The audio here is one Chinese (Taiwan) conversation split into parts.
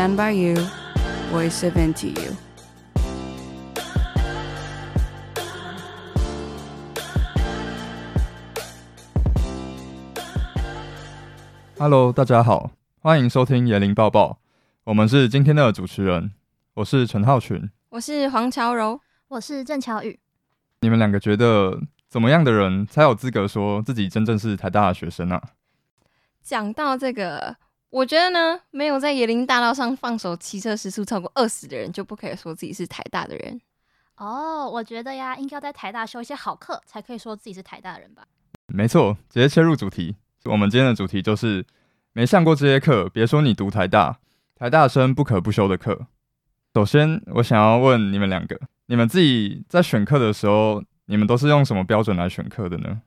Stand by you, voice into you. Hello，大家好，歡迎收聽《椰林抱報》，我們是今天的主持人，我是陳浩群，我是黃喬柔，我是鄭巧雨。你們兩個覺得怎麼樣的人才有資格說自己真正是台大的學生呢？講到這個。我覺得呢，沒有在椰林大道上放手騎車時速超過二十的人，就不可以說自己是台大的人。哦，我覺得呀，應該要在台大修一些好課，才可以說自己是台大的人吧。沒錯，直接切入主題。我們今天的主題就是，沒上過這些課，別說你讀台大，台大生不可不修的課。首先，我想要問你們兩個，你們自己在選課的時候，你們都是用什麼標準來選課的呢？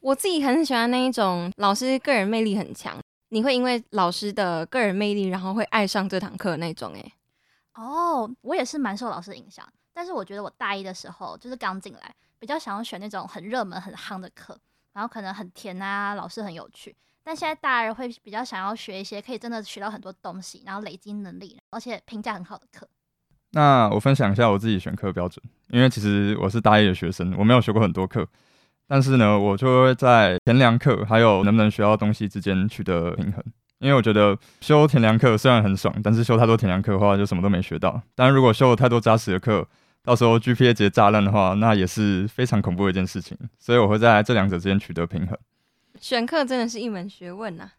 我自己很喜歡那一種老師個人魅力很強。你會因為老師的個人魅力，然後會愛上這堂課那種誒、欸，哦、oh，我也是蠻受老師的影響，但是我覺得我大一的時候就是剛進來，比較想要選那種很熱門、很夯的課，然後可能很甜啊，老師很有趣。但現在大二會比較想要學一些可以真的學到很多東西，然後累積能力，而且評價很好的課。那我分享一下我自己選課標準，因為其實我是大一的學生，我沒有學過很多課。但是呢，我就會在甜涼課還有能不能學到東西之間取得平衡，因為我覺得修甜涼課雖然很爽，但是修太多甜涼課的話就什麼都沒學到。當然如果修了太多扎實的課，到時候 GPA 直接炸爛的話，那也是非常恐怖的一件事情。所以我會在這兩者之間取得平衡。選課真的是一門學問啊。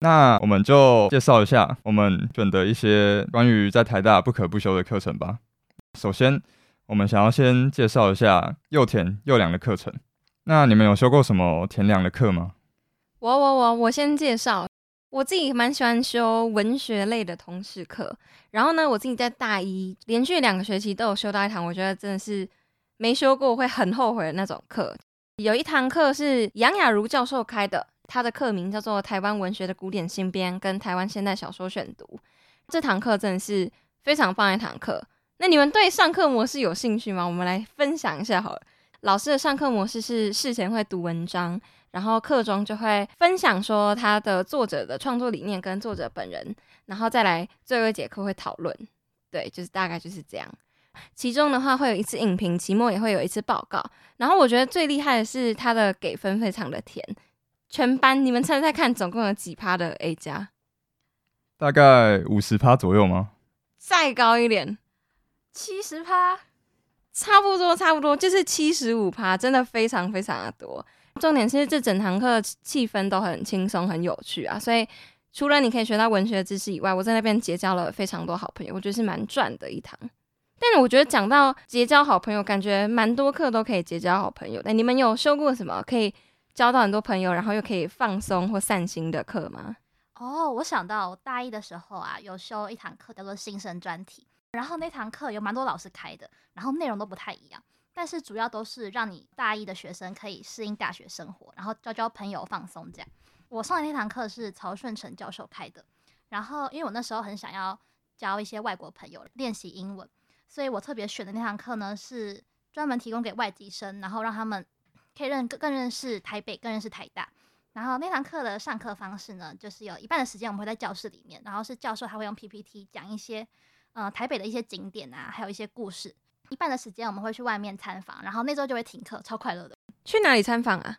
那我們就介紹一下我們選的一些關於在台大不可不修的課程吧。首先，我們想要先介紹一下又甜又涼的課程。那你們有修過什麼甜涼的課嗎？我我我我先介紹，我自己蠻喜歡修文學類的通識課。然後呢，我自己在大一連續兩個學期都有修到一堂，我覺得真的是沒修過會很後悔的那種課。有一堂課是楊雅如教授開的，他的課名叫做《台灣文學的古典新編》跟《台灣現代小說選讀》。這堂課真的是非常棒一堂課。那你們對上課模式有興趣嗎？我們來分享一下好了。老師的上課模式是事前會讀文章，然後課中就會分享說他的作者的創作理念跟作者本人，然後再來最後一節課會討論。對，就是大概就是這樣。期中的話會有一次影評，期末也會有一次報告。然後我覺得最厲害的是他的給分非常的甜，全班你們猜，猜猜看總共有幾趴的 A 加？大概五十趴左右嗎？再高一點，七十趴。差不多，差不多就是七十五趴，真的非常非常的多。重點是這整堂課氣氛，都很輕鬆，很有趣啊！所以除了你可以學到文學知識以外，我在那邊結交了非常多好朋友，我覺得是蠻賺的一堂。但是我覺得講到結交好朋友，感覺蠻多課都可以結交好朋友的。欸，你們有修過什麼可以交到很多朋友，然後又可以放鬆或散心的課嗎？哦，oh，我想到我大一的時候啊，有修一堂課叫做新生專題。然後那堂課有蠻多老師開的，然後內容都不太一樣，但是主要都是讓你大一的學生可以適應大學生活，然後交交朋友、放鬆這樣。我上的那堂課是曹順成教授開的，然後因為我那時候很想要交一些外國朋友，練習英文，所以我特別選的那堂課呢是專門提供給外籍生，然後讓他們可以認更認識台北、更認識台大。然後那堂課的上課方式呢，就是有一半的時間我們會在教室裡面，然後是教授他會用 PPT 講一些。呃，台北的一些景點啊，還有一些故事。一半的時間我們會去外面參訪，然後那周就會停課，超快樂的。去哪裡參訪啊？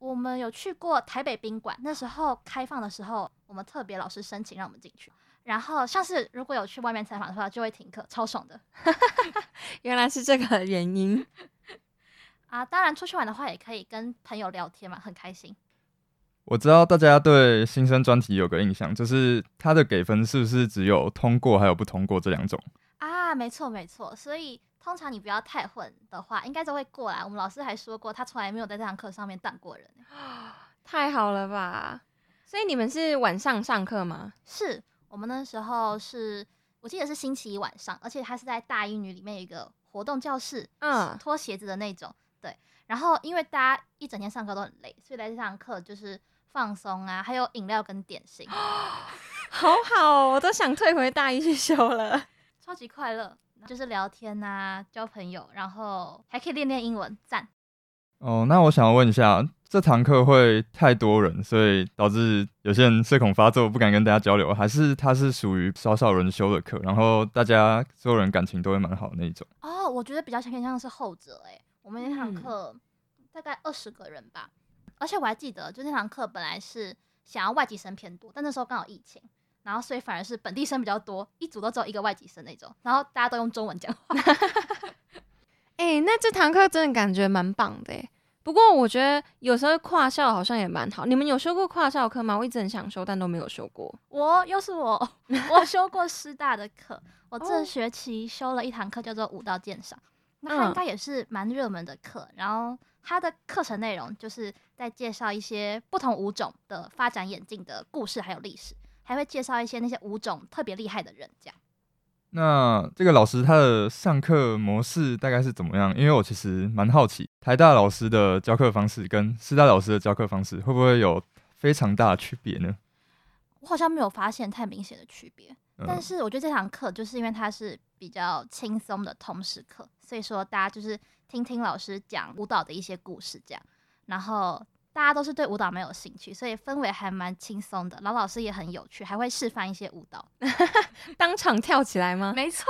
我們有去過台北賓館，那時候開放的時候，我們特別老師申請讓我們進去。然後像是如果有去外面參訪的話，就會停課，超爽的。 原來是這個原因 啊！當然出去玩的話，也可以跟朋友聊天嘛，很開心。我知道大家對新生專題有個印象，就是他的給分是不是只有通過還有不通過這兩種啊？沒錯沒錯，所以通常你不要太混的話，應該都會過來。我們老師還說過，他從來沒有在這堂課上面當過人。太好了吧？所以你們是晚上上課嗎？是，我們那時候是，我記得是星期一晚上，而且他是在大英語裡面有一個活動教室，嗯，脫鞋子的那種。對，然後因為大家一整天上課都很累，所以在這堂課就是。放鬆啊，還有飲料跟點心。哦，好好，我都想退回大一去修了，超級快樂，就是聊天啊，交朋友，然後還可以練練英文，贊。哦，那我想要問一下，這堂課會太多人，所以導致有些人社恐發作，不敢跟大家交流，還是它是屬於少少人修的課，然後大家所有人感情都會蠻好的那一種？哦，我覺得比較偏向是後者，欸，哎，我們那堂課大概二十個人吧。嗯而且我還記得，就那堂課本來是想要外籍生偏多，但那時候剛好疫情，然後所以反而是本地生比較多，一組都只有一個外籍生那種，然後大家都用中文講話。哎 欸，那這堂課真的感覺蠻棒的。不過我覺得有時候跨校好像也蠻好，你們有修過跨校課嗎？我一直很想修，但都沒有修過。我又是我，我修過師大的課， 我這學期修了一堂課叫做舞蹈鑑賞，那它應該也是蠻熱門的課，然後。他的課程內容就是在介紹一些不同舞種的發展演進的故事，還有歷史，還會介紹一些那些舞種特別厲害的人這樣。那這個老師他的上課模式大概是怎麼樣？因為我其實蠻好奇，台大老師的教課方式跟師大老師的教課方式會不會有非常大的區別呢？我好像沒有發現太明顯的區別，嗯，但是我覺得這堂課就是因為它是比較輕鬆的通識課，所以說大家就是。聽聽老師講舞蹈的一些故事，這樣，然後大家都是對舞蹈沒有興趣，所以氛圍還蠻輕鬆的。老老師也很有趣，還會示範一些舞蹈， 當場跳起來嗎？沒錯。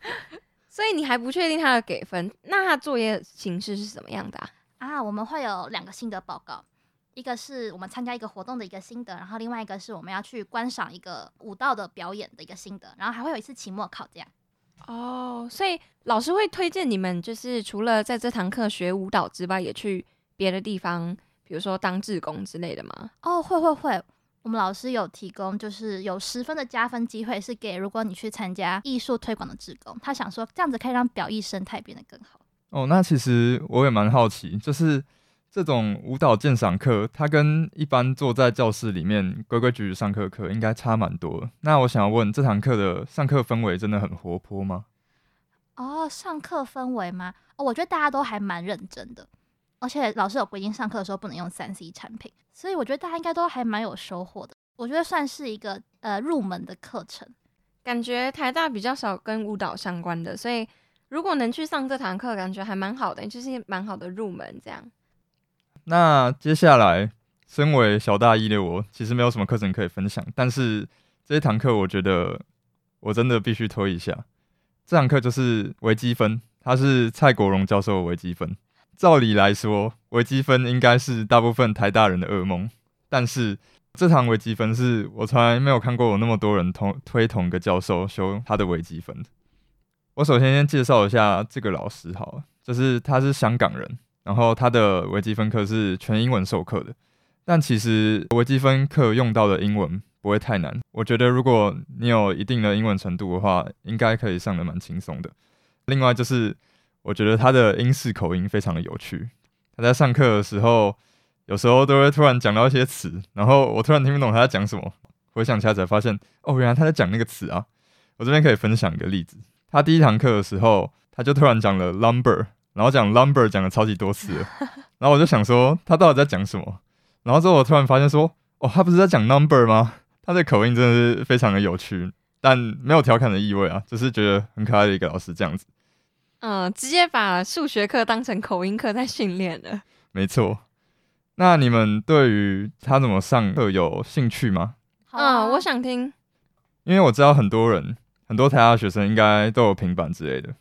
所以你還不確定他的給分？那他作業形式是怎麼樣的啊？嗯、啊，我們會有兩個心得報告，一個是我們參加一個活動的一個心得，然後另外一個是我們要去觀賞一個舞蹈的表演的一個心得，然後還會有一次期末考這樣。哦、oh，所以老師會推薦你們，就是除了在這堂課學舞蹈之外，也去別的地方，比如說當志工之類的嗎？哦，會會會，我們老師有提供，就是有十分的加分機會，是給如果你去參加藝術推廣的志工，他想說這樣子可以讓表藝生態變得更好。哦、oh，那其實我也蠻好奇，就是。這種舞蹈鑑賞課，它跟一般坐在教室裡面規規矩矩上課課應該差蠻多。那我想要問，這堂課的上課氛圍真的很活潑嗎？哦，上課氛圍嗎？哦，我覺得大家都還蠻認真的，而且老師有規定上課的時候不能用三 C 產品，所以我覺得大家應該都還蠻有收穫的。我覺得算是一個呃入門的課程。感覺台大比較少跟舞蹈相關的，所以如果能去上這堂課，感覺還蠻好的，就是蠻好的入門這樣。那接下來，身為小大一的我，其實沒有什麼課程可以分享。但是這一堂課，我覺得我真的必須推一下。這堂課就是微積分，它是蔡國榮教授的微積分。照理來說，微積分應該是大部分台大人的噩夢。但是這堂微積分是我從來沒有看過有那麼多人同推同個教授修他的微積分。我首先先介紹一下這個老師，好，就是他是香港人。然後他的微積分課是全英文授課的，但其實微積分課用到的英文不會太難。我覺得如果你有一定的英文程度的話，應該可以上得蠻輕鬆的。另外就是，我覺得他的英式口音非常的有趣。他在上課的時候，有時候都會突然講到一些詞，然後我突然聽不懂他在講什麼，回想起來才發現，哦，原來他在講那個詞啊。我這邊可以分享一個例子，他第一堂課的時候，他就突然講了 lumber。然後講 lumber 講了超級多次，然後我就想說他到底在講什麼。然後之後我突然發現說，哦，他不是在講 number 嗎？他的口音真的是非常的有趣，但沒有調侃的意味啊，就是覺得很可愛的一個老師這樣子。嗯、呃，直接把數學課當成口音課在訓練了。沒錯。那你們對於他怎麼上課有興趣嗎？好啊，我想聽。因為我知道很多人，很多台大學生應該都有平板之類的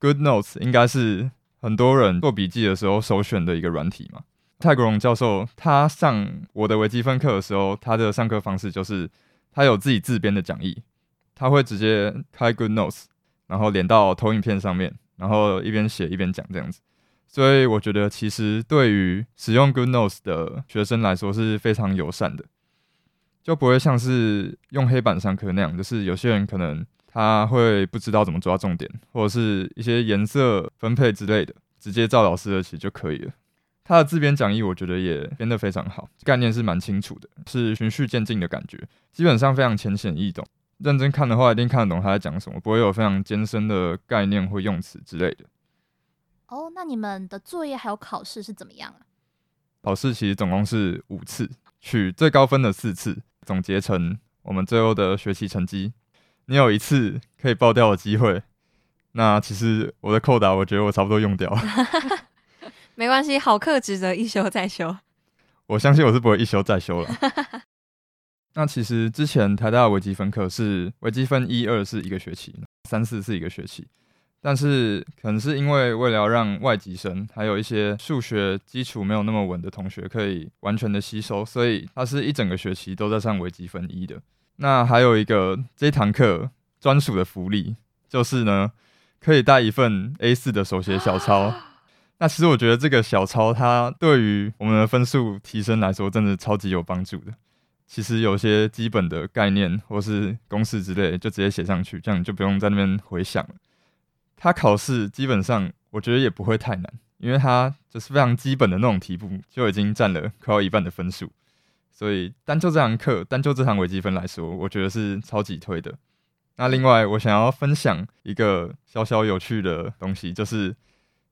，Goodnotes 應該是。很多人做筆記的時候首選的一個軟體嘛。泰國榮教授他上我的微積分課的時候，他的上課方式就是他有自己自編的講義，他會直接開 Good Notes，然後連到投影片上面，然後一邊寫一邊講這樣子。所以我覺得其實對於使用 Good Notes 的學生來說是非常友善的，就不會像是用黑板上課那樣，就是有些人可能。他會不知道怎麼抓重點，或者是一些顏色分配之類的，直接照老師的題就可以了。他的自編講義我覺得也編得非常好，概念是蠻清楚的，是循序漸進的感覺，基本上非常淺顯易懂。認真看的話，一定看得懂他在講什麼，不會有非常艱深的概念或用詞之類的。哦，oh，那你們的作業還有考試是怎麼樣啊？考試其實總共是五次，取最高分的四次，總結成我們最後的學習成績。你有一次可以爆掉的機會，那其實我的扣打，我覺得我差不多用掉了。 沒關係，好課值得一修再修。我相信我是不會一修再修了。 那其實之前台大的微積分課是微積分一二是一個學期，三四是一個學期，但是可能是因為為了要讓外籍生還有一些數學基礎沒有那麼穩的同學可以完全的吸收，所以它是一整個學期都在上微積分一的。那還有一個這堂課專屬的福利，就是呢，可以帶一份 A4 的手寫小抄。那其實我覺得這個小抄它對於我們的分數提升來說，真的超級有幫助的。其實有些基本的概念或是公式之類，就直接寫上去，這樣就不用在那邊回想了。它考試基本上我覺得也不會太難，因為它就是非常基本的那種題目，就已經占了快要一半的分數。所以單就這堂課，單就這堂微積分來說，我覺得是超級推的。那另外，我想要分享一個小小有趣的東西，就是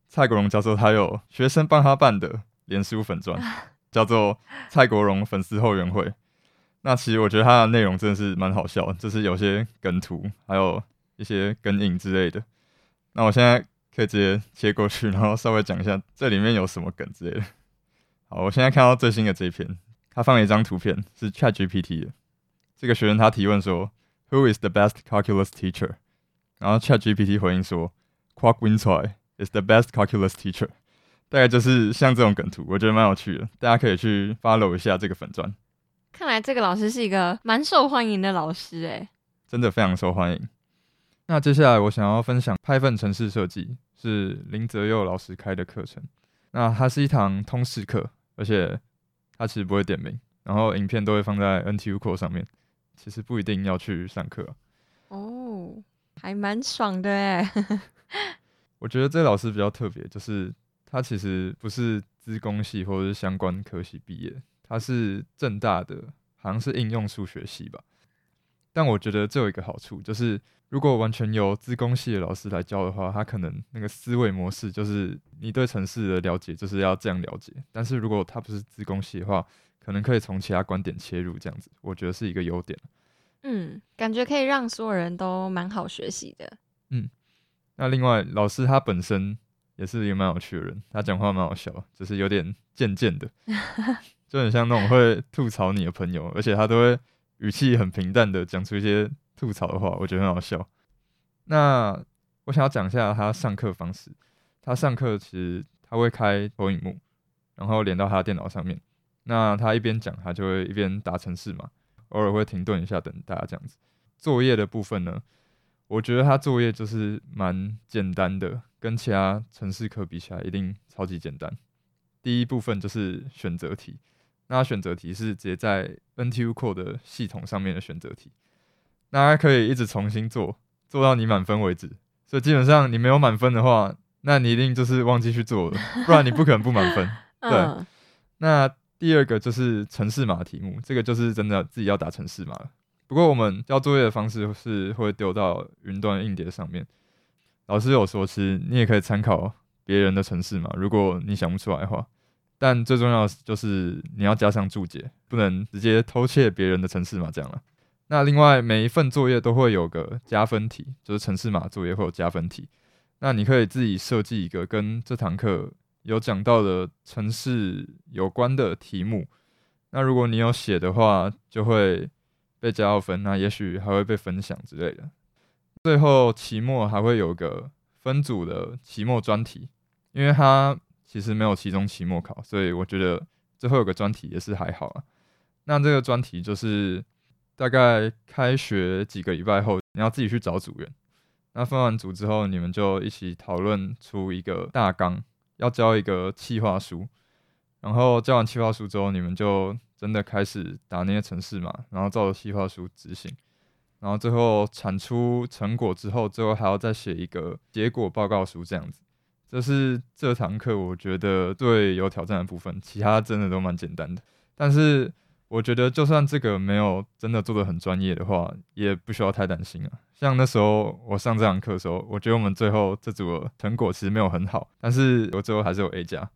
蔡國榮教授他有學生幫他辦的臉書粉專，叫做蔡國榮粉絲後援會。那其實我覺得它的內容真的是蠻好笑，就是有些梗圖，還有一些梗影之類的。那我現在可以直接切過去，然後稍微講一下這裡面有什麼梗之類的。好，我現在看到最新的這一篇。他放了一張圖片，是 ChatGPT 的。這個學生他提問說：“Who is the best calculus teacher？” 然後 ChatGPT 回應說：“Quark Wintry is the best calculus teacher。”大概就是像這種梗圖，我覺得蠻有趣的，大家可以去 follow 一下這個粉專。看來這個老師是一個蠻受歡迎的老師，欸，真的非常受歡迎。那接下來我想要分享 Python 程式設計，是林澤佑老師開的課程。那它是一堂通識課，而且，他其實不會點名，然後影片都會放在 NTU Core 上面，其實不一定要去上課哦、啊，oh, 還蠻爽的哎。 我覺得這老師比較特別，就是他其實不是資工系或者是相關科系畢業，他是政大的，好像是應用數學系吧。但我覺得這有一個好處就是，如果完全由資工系的老師來教的話，他可能那個思維模式就是你對程式的了解就是要這樣了解。但是如果他不是資工系的話，可能可以從其他觀點切入，這樣子我覺得是一個優點。嗯，感覺可以讓所有人都蠻好學習的。嗯，那另外老師他本身也是有蠻有趣的人，他講話蠻好笑，只、就是有點賤賤的，就很像那種會吐槽你的朋友， 而且他都會。語氣很平淡的講出一些吐槽的話，我覺得很好笑。那我想要講一下他上課方式。他上課其實他會開投影幕，然後連到他的電腦上面。那他一邊講，他就會一邊打程式嘛，偶爾會停頓一下等大家這樣子。作業的部分呢，我覺得他作業就是蠻簡單的，跟其他程式課比起來，一定超級簡單。第一部分就是選擇題。那選擇題是直接在 NTU COOL 的系統上面的選擇題，大家可以一直重新做，做到你滿分為止。所以基本上你沒有滿分的話，那你一定就是忘記去做了，不然你不可能不滿分。 對。Uh. 那第二個就是程式碼題目，這個就是真的自己要打程式碼了。不過我們交作業的方式是會丟到雲端硬碟上面。老師有說是你也可以參考別人的程式碼，如果你想不出來的話。但最重要的就是你要加上註解，不能直接偷竊別人的程式嘛，這樣了。那另外每一份作業都會有個加分題，就是程式碼作業會有加分題。那你可以自己設計一個跟這堂課有講到的程式有關的題目。那如果你有寫的話，就會被加到分。那也許還會被分享之類的。最後期末還會有個分組的期末專題，因為它其實沒有期中、期末考，所以我覺得最後有個專題也是還好。那這個專題就是大概開學幾個禮拜後，你要自己去找組員，那分完組之後，你們就一起討論出一個大綱，要交一個企劃書。然後交完企劃書之後，你們就真的開始打那些程式嘛，然後照着企劃書執行。然後最後產出成果之後，最後還要再寫一個結果報告書這樣子。這是這堂課我覺得最有挑戰的部分，其他真的都蠻簡單的。但是我覺得就算這個沒有真的做得很專業的話，也不需要太擔心啊。像那時候我上這堂課的時候，我覺得我們最後這組成果其實沒有很好，但是我最後還是有 A 加。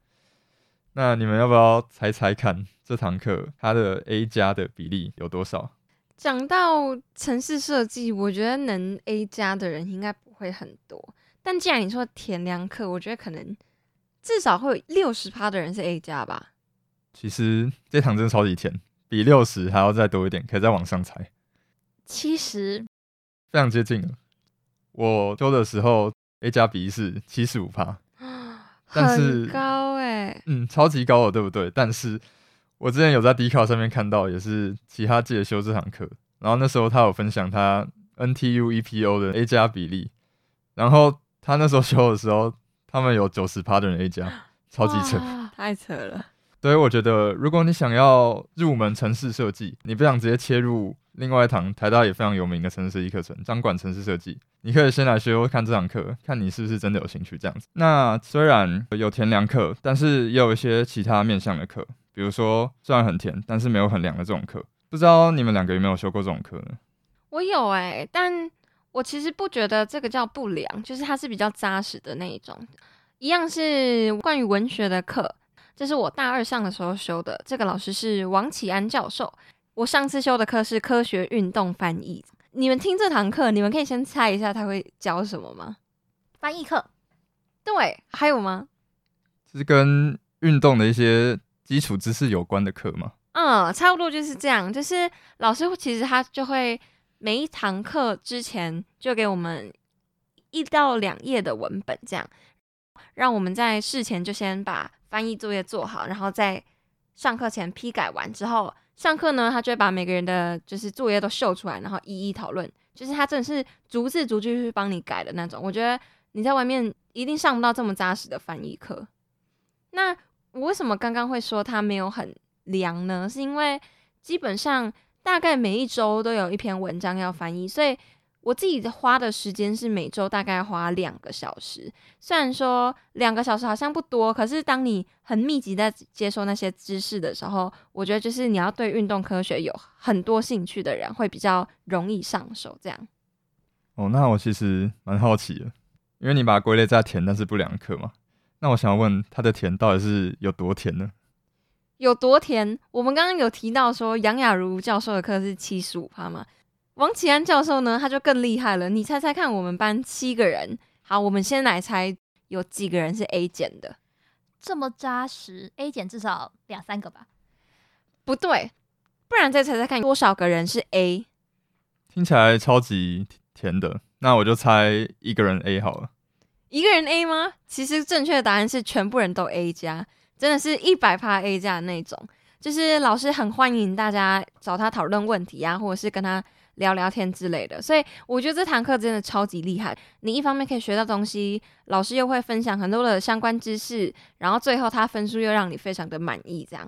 那你們要不要猜猜看這堂課它的 A 加的比例有多少？講到城市設計，我覺得能 A 加的人應該不會很多。但既然你說田良課，我覺得可能至少會有六十趴的人是 A 加吧。其實這一堂真的超級甜，比六十還要再多一點，可以再往上猜七十，70? 非常接近。我修的時候 A 加比是七十五趴，很高哎、欸，嗯，超級高了，對不對？但是我之前有在 D 考上面看到，也是其他屆修這堂課，然後那時候他有分享他 NTU EPO 的 A 加比例，然後。他那時候修的時候，他們有九十趴的人 A 加，超級扯，太扯了。所以我覺得，如果你想要入門城市設計，你不想直接切入另外一堂台大也非常有名的城市設計課程——掌管城市設計，你可以先來修看這堂課，看你是不是真的有興趣這樣子。那雖然有甜涼課，但是也有一些其他面向的課，比如說雖然很甜，但是沒有很涼的這種課。不知道你們兩個有沒有修過這種課呢？我有哎、欸，但。我其實不覺得這個叫不良，就是它是比較扎實的那一種。一樣是關於文學的課，這是我大二上的時候修的。這個老師是王啟安教授。我上次修的課是科學運動翻譯。你們聽這堂課，你們可以先猜一下他會教什麼嗎？翻譯課。對，還有嗎？就是跟運動的一些基礎知識有關的課嗎？嗯，差不多就是這樣。就是老師其實他就會。每一堂課之前就給我們一到兩頁的文本，這樣讓我們在事前就先把翻譯作業做好，然後在上課前批改完之後，上課呢他就會把每個人的就是作業都秀出來，然後一一討論，就是他真的是逐字逐句去幫你改的那種。我覺得你在外面一定上不到這麼扎實的翻譯課。那我為什麼剛剛會說他沒有很涼呢？是因為基本上。大概每一周都有一篇文章要翻譯，所以我自己花的時間是每周大概花兩個小時。雖然說兩個小時好像不多，可是當你很密集在接受那些知識的時候，我覺得就是你要對運動科學有很多興趣的人會比較容易上手。這樣。哦，那我其實蠻好奇的，因為你把歸類在甜，但是不涼課嘛。那我想問，它的甜到底是有多甜呢？有多甜？我們剛剛有提到說楊雅茹教授的課是七十五趴嗎？王啟安教授呢？他就更厲害了。你猜猜看，我們班七個人，好，我們先來猜有幾個人是 A 減的，這麼扎實，A 減至少兩三個吧？不對，不然再猜猜看多少個人是 A。聽起來超級甜的，那我就猜一個人 A 好了。一個人 A 嗎？其實正確的答案是全部人都 A 加。真的是一百趴 A 價那種，就是老師很歡迎大家找他討論問題啊，或者是跟他聊聊天之類的。所以我覺得這堂課真的超級厲害。你一方面可以學到東西，老師又會分享很多的相關知識，然後最後他分數又讓你非常的滿意，這樣。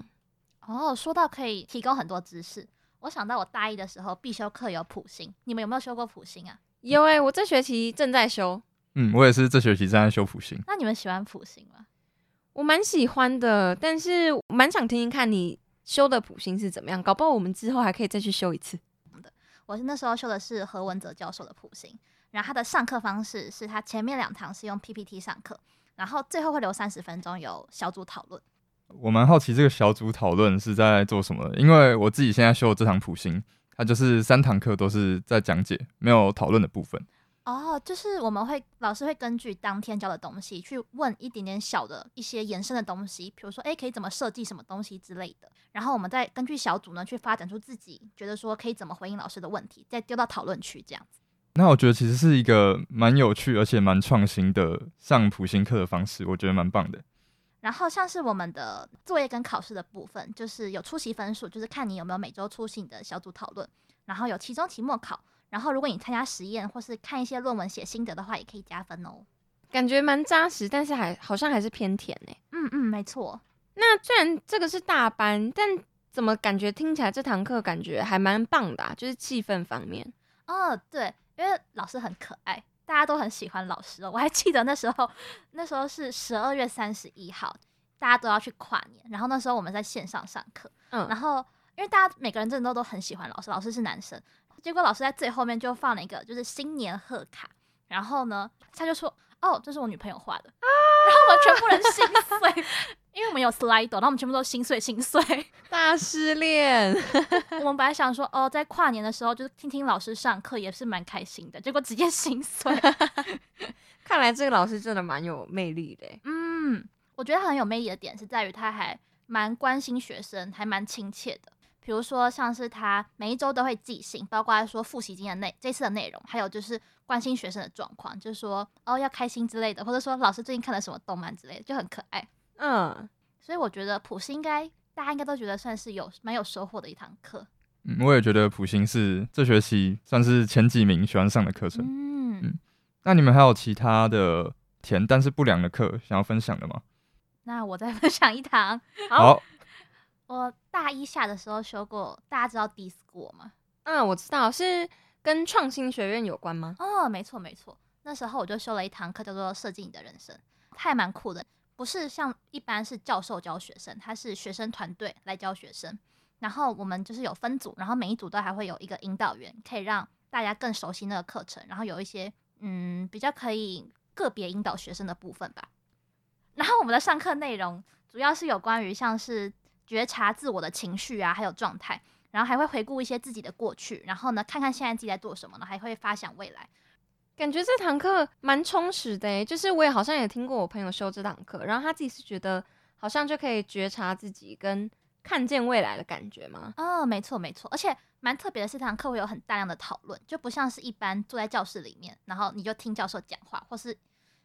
哦，說到可以提供很多知識，我想到我大一的時候必修課有普心，你們有沒有修過普心啊？有誒、欸，我這學期正在修。嗯，我也是這學期正在修普心。那你們喜歡普心嗎？我蠻喜歡的，但是蠻想聽聽看你修的普心是怎麼樣，搞不好我們之後還可以再去修一次。我是那時候修的是何文哲教授的普心，然後他的上課方式是他前面兩堂是用 PPT 上課，然後最後會留三十分鐘有小組討論。我蠻好奇這個小組討論是在做什麼的，因為我自己現在修的這堂普心，他就是三堂課都是在講解，沒有討論的部分。哦、oh,，就是我們會老師會根據當天教的東西去問一點點小的一些延伸的東西，比如說誒、欸，可以怎麼設計什麼東西之類的。然後我們再根據小組呢去發展出自己覺得說可以怎麼回應老師的問題，再丟到討論區這樣子。那我覺得其實是一個蠻有趣而且蠻創新的上普心課的方式，我覺得蠻棒的。然後像是我們的作業跟考試的部分，就是有出席分數，就是看你有沒有每周出席你的小組討論，然後有期中、期末考。然後，如果你參加實驗或是看一些論文、寫心得的話，也可以加分哦。感覺蠻扎實，但是還好像還是偏甜呢、欸。嗯嗯，沒錯。那雖然這個是大班，但怎麼感覺聽起來這堂課感覺還蠻棒的、啊，就是氣氛方面。哦，對，因為老師很可愛，大家都很喜歡老師、哦。我還記得那時候，那時候是十二月三十一號，大家都要去跨年。然後那時候我們在線上上課，嗯，然後因為大家每個人真的都，都很喜歡老師，老師是男生。結果老師在最後面就放了一個，就是新年賀卡，然後呢，他就說：“哦，這是我女朋友畫的。”啊，然後我們全部人心碎， 因為我們有 Slido，然後我們全部都心碎心碎，大失戀。 我們本來想說，哦，在跨年的時候，就是聽聽老師上課也是蠻開心的，結果直接心碎。 看來這個老師真的蠻有魅力的。嗯，我覺得很有魅力的點是在於他還蠻關心學生，還蠻親切的。比如說，像是他每一周都會寄信，包括說復習今天的內這次的內容，還有就是關心學生的狀況，就是說哦要開心之類的，或者說老師最近看了什麼動漫之類的，就很可愛。嗯，所以我覺得普心應該大家應該都覺得算是有蠻有收穫的一堂課。嗯，我也覺得普心是這學期算是前幾名喜歡上的課程。嗯嗯，那你們還有其他的甜但是不良的課想要分享的嗎？那我再分享一堂。好。 我大一下的時候修過，大家知道 DISCO 嗎？嗯，我知道，是跟創新學院有關嗎？哦，沒錯沒錯。那時候我就修了一堂課，叫做“設計你的人生”，還蠻酷的。不是像一般是教授教學生，他是學生團隊來教學生。然後我們就是有分組，然後每一組都還會有一個引導員，可以讓大家更熟悉那個課程。然後有一些嗯比較可以個別引導學生的部分吧。然後我們的上課內容主要是有關於像是。覺察自我的情緒啊，還有狀態，然後還會回顧一些自己的過去，然後呢，看看現在自己在做什麼呢？還會發想未來。感覺這堂課蠻充實的欸，就是我也好像也聽過我朋友修這堂課，然後他自己是覺得好像就可以覺察自己跟看見未來的感覺嗎？啊、哦，沒錯沒錯，而且蠻特別的是，這堂課會有很大量的討論，就不像是一般坐在教室裡面，然後你就聽教授講話，或是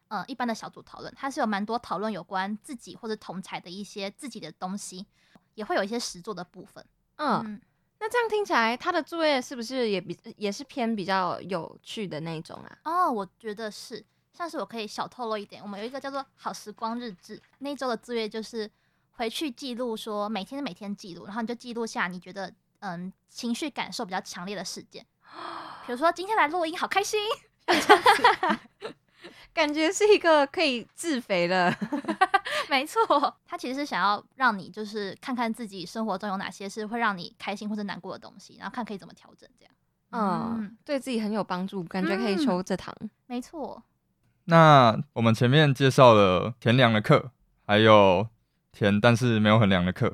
呃一般的小組討論，它是有蠻多討論有關自己或者同儕的一些自己的東西。也會有一些實作的部分，嗯，那這樣聽起來，他的作業是不是也比也是偏比較有趣的那種啊？哦，我覺得是，像是我可以小透露一點，我們有一個叫做“好時光日志”，那一周的作業就是回去記錄，說每天每天記錄，然後你就記錄下你覺得嗯情緒感受比較強烈的事件，比如說今天來錄音好開心。 感覺是一個可以自肥的， 沒錯。他其實是想要讓你就是看看自己生活中有哪些是會讓你開心或者難過的東西，然後看可以怎麼調整，這樣嗯。嗯，對自己很有幫助，感覺可以抽這堂、嗯。沒錯。那我們前面介紹了甜涼的課，還有甜但是沒有很涼的課，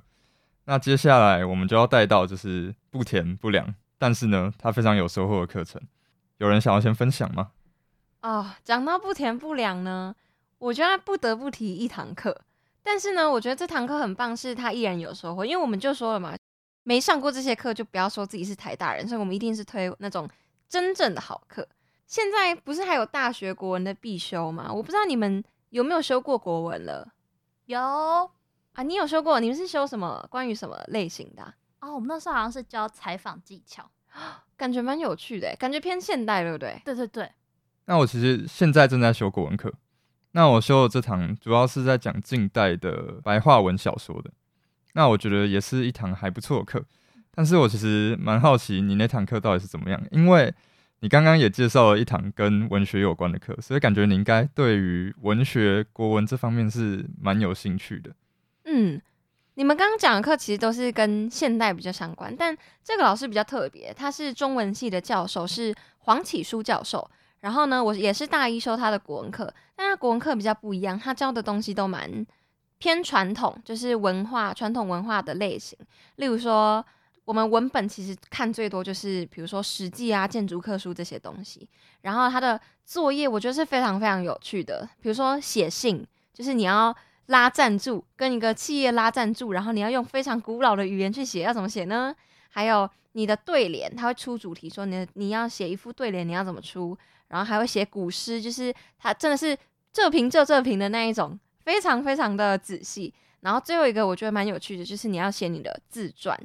那接下來我們就要帶到就是不甜不涼，但是呢，它非常有收穫的課程。有人想要先分享嗎？哦，講到不甜不涼呢，我覺得他不得不提一堂課。但是呢，我覺得這堂課很棒，是他依然有收穫。因為我們就說了嘛，沒上過這些課就不要說自己是台大人，所以我們一定是推那種真正的好課。現在不是還有大學國文的必修嗎？我不知道你們有沒有修過國文了？有啊，你有修過？你們是修什麼？關於什麼類型的啊？哦，我們那時候好像是教採訪技巧，感覺蠻有趣的，感覺偏現代，對不對？對對對。那我其實現在正在修國文課，那我修的這堂主要是在講近代的白話文小說的，那我覺得也是一堂還不錯的課。但是我其實蠻好奇你那堂課到底是怎麼樣，因為你剛剛也介紹了一堂跟文學有關的課，所以感覺你應該對於文學國文這方面是蠻有興趣的。嗯，你們剛剛講的課其實都是跟現代比較相關，但這個老師比較特別，他是中文系的教授，是黃啟書教授。然後呢，我也是大一修他的國文課，但他國文課比較不一樣，他教的東西都蠻偏傳統，就是文化傳統文化的類型。例如說，我們文本其實看最多就是，比如說史記啊、諫逐客書這些東西。然後他的作業我覺得是非常非常有趣的，比如說寫信，就是你要拉贊助，跟一個企業拉贊助，然後你要用非常古老的語言去寫，要怎麼寫呢？還有你的對聯，他會出主題說你你要寫一副對聯，你要怎麼出？然後還會寫古詩，就是他真的是這平這這平的那一種，非常非常的仔細。然後最後一個我覺得蠻有趣的，就是你要寫你的自傳。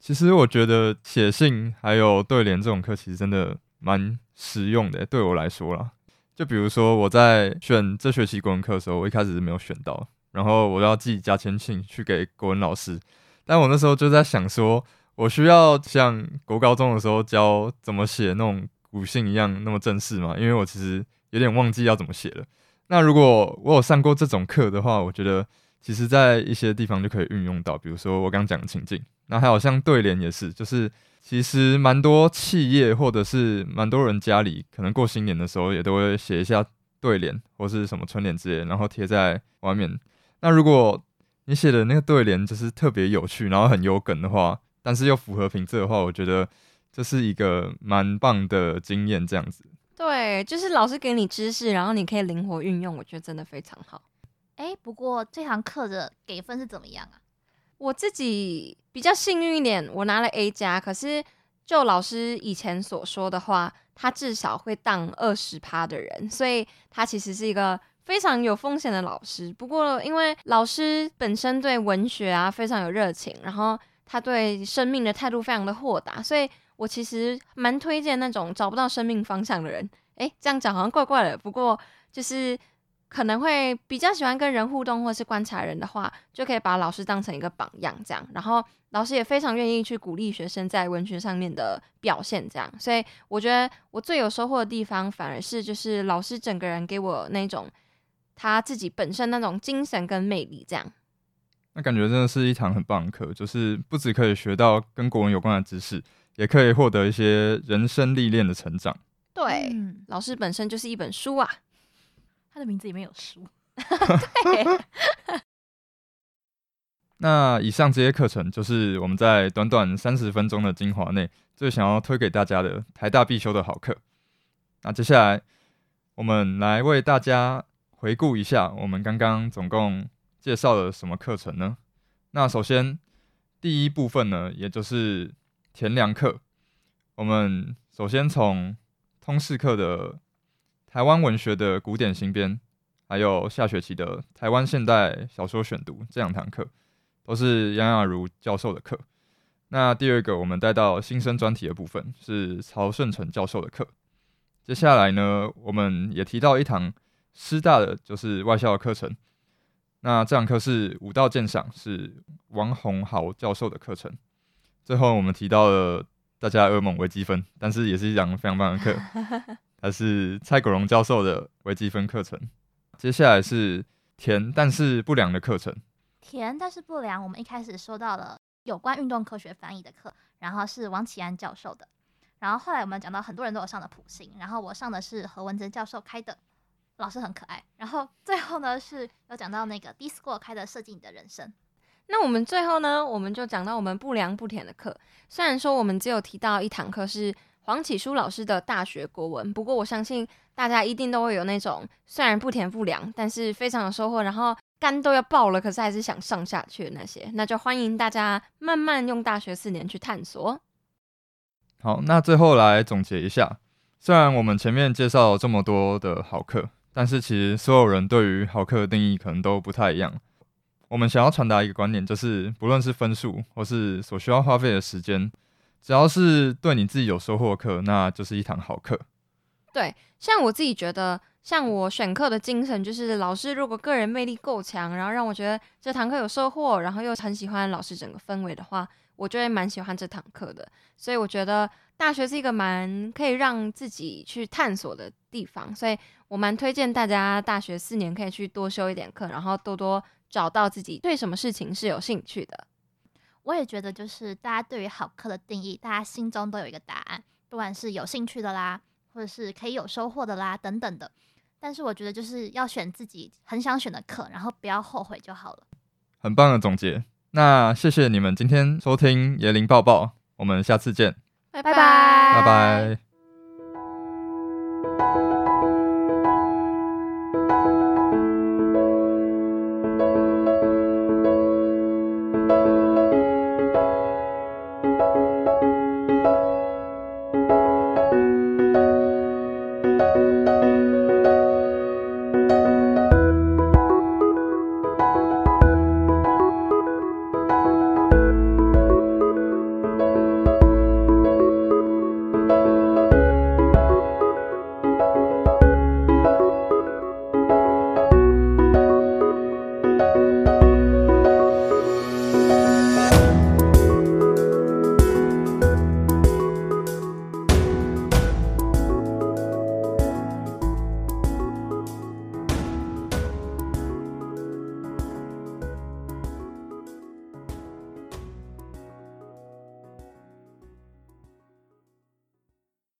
其實我覺得寫信還有對聯這種課，其實真的蠻實用的。對我來說啦，就比如說我在選這學期國文課的時候，我一開始是沒有選到，然後我要自己加簽信去給國文老師。但我那時候就在想說，我需要像國高中的時候教怎麼寫那種。古星一樣那麼正式嘛？因為我其實有點忘記要怎麼寫了。那如果我有上過這種課的話，我覺得其實，在一些地方就可以運用到，比如說我剛剛講的情境。那還有像對聯也是，就是其實蠻多企業或者是蠻多人家裡，可能過新年的時候也都會寫一下對聯或是什麼春聯之類，然後貼在外面。那如果你寫的那個對聯就是特別有趣，然後很有梗的話，但是又符合平仄的話，我覺得。這是一個蠻棒的經驗，這樣子。對，就是老師給你知識，然後你可以靈活運用，我覺得真的非常好。哎、欸，不過這堂課的給分是怎麼樣啊？我自己比較幸運一點，我拿了 A 加。可是就老師以前所說的話，他至少會當二十趴的人，所以他其實是一個非常有風險的老師。不過因為老師本身對文學啊非常有熱情，然後他對生命的態度非常的豁達，所以。我其實蠻推薦那種找不到生命方向的人，誒、欸，這樣講好像怪怪的。不過就是可能會比較喜歡跟人互動，或是觀察人的話，就可以把老師當成一個榜樣這樣。然後老師也非常願意去鼓勵學生在文學上面的表現這樣。所以我覺得我最有收穫的地方，反而是就是老師整個人給我那種他自己本身那種精神跟魅力這樣。那感覺真的是一堂很棒的課，就是不只可以學到跟國文有關的知識。也可以獲得一些人生歷練的成長。對、嗯，老師本身就是一本書啊，他的名字裡面有書。 對 那以上這些課程就是我們在短短三十分鐘的精華內最想要推給大家的台大必修的好課。那接下來我們來為大家回顧一下我們剛剛總共介紹了什麼課程呢？那首先第一部分呢，也就是。前兩課，我們首先從通識課的台灣文學的古典新編，還有下學期的台灣現代小說選讀這兩堂課，都是楊雅茹教授的課。那第二個，我們帶到新生專題的部分，是曹順成教授的課。接下來呢，我們也提到一堂師大的就是外校的課程，那這堂課是武道鑑賞，是王宏豪教授的課程。最後我們提到了大家噩夢微積分，但是也是一堂非常棒的課， 它是蔡國榮教授的微積分課程。接下來是甜但是不良的課程，甜但是不良。我們一開始說到了有關運動科學翻譯的課，然後是王啟安教授的。然後後來我們講到很多人都有上的普心，然後我上的是何文哲教授開的，老師很可愛。然後最後呢是有講到那個 D-School 開的設計你的人生。那我們最後呢，我們就講到我們不涼不甜的課。雖然說我們只有提到一堂課是黃啟書老師的大學國文，不過我相信大家一定都會有那種雖然不甜不涼，但是非常有收穫，然後肝都要爆了，可是還是想上下去的那些。那就歡迎大家慢慢用大學四年去探索。好，那最後來總結一下，雖然我們前面介紹了這麼多的好課，但是其實所有人對於好課的定義可能都不太一樣。我們想要傳達一個觀念，就是不論是分數或是所需要花費的時間，只要是對你自己有收穫的課，那就是一堂好課。對，像我自己覺得，像我選課的精神就是，老師如果個人魅力夠強，然後讓我覺得這堂課有收穫，然後又很喜歡老師整個氛圍的話，我就會蠻喜歡這堂課的。所以我覺得大學是一個蠻可以讓自己去探索的地方，所以我蠻推薦大家大學四年可以去多修一點課，然後多多。找到自己對什麼事情是有興趣的，我也覺得就是大家對於好課的定義，大家心中都有一個答案，不管是有興趣的啦，或者是可以有收穫的啦等等的。但是我覺得就是要選自己很想選的課，然後不要後悔就好了。很棒的總結，那謝謝你們今天收聽《椰林抱報》，我們下次見，拜拜，拜拜。Bye bye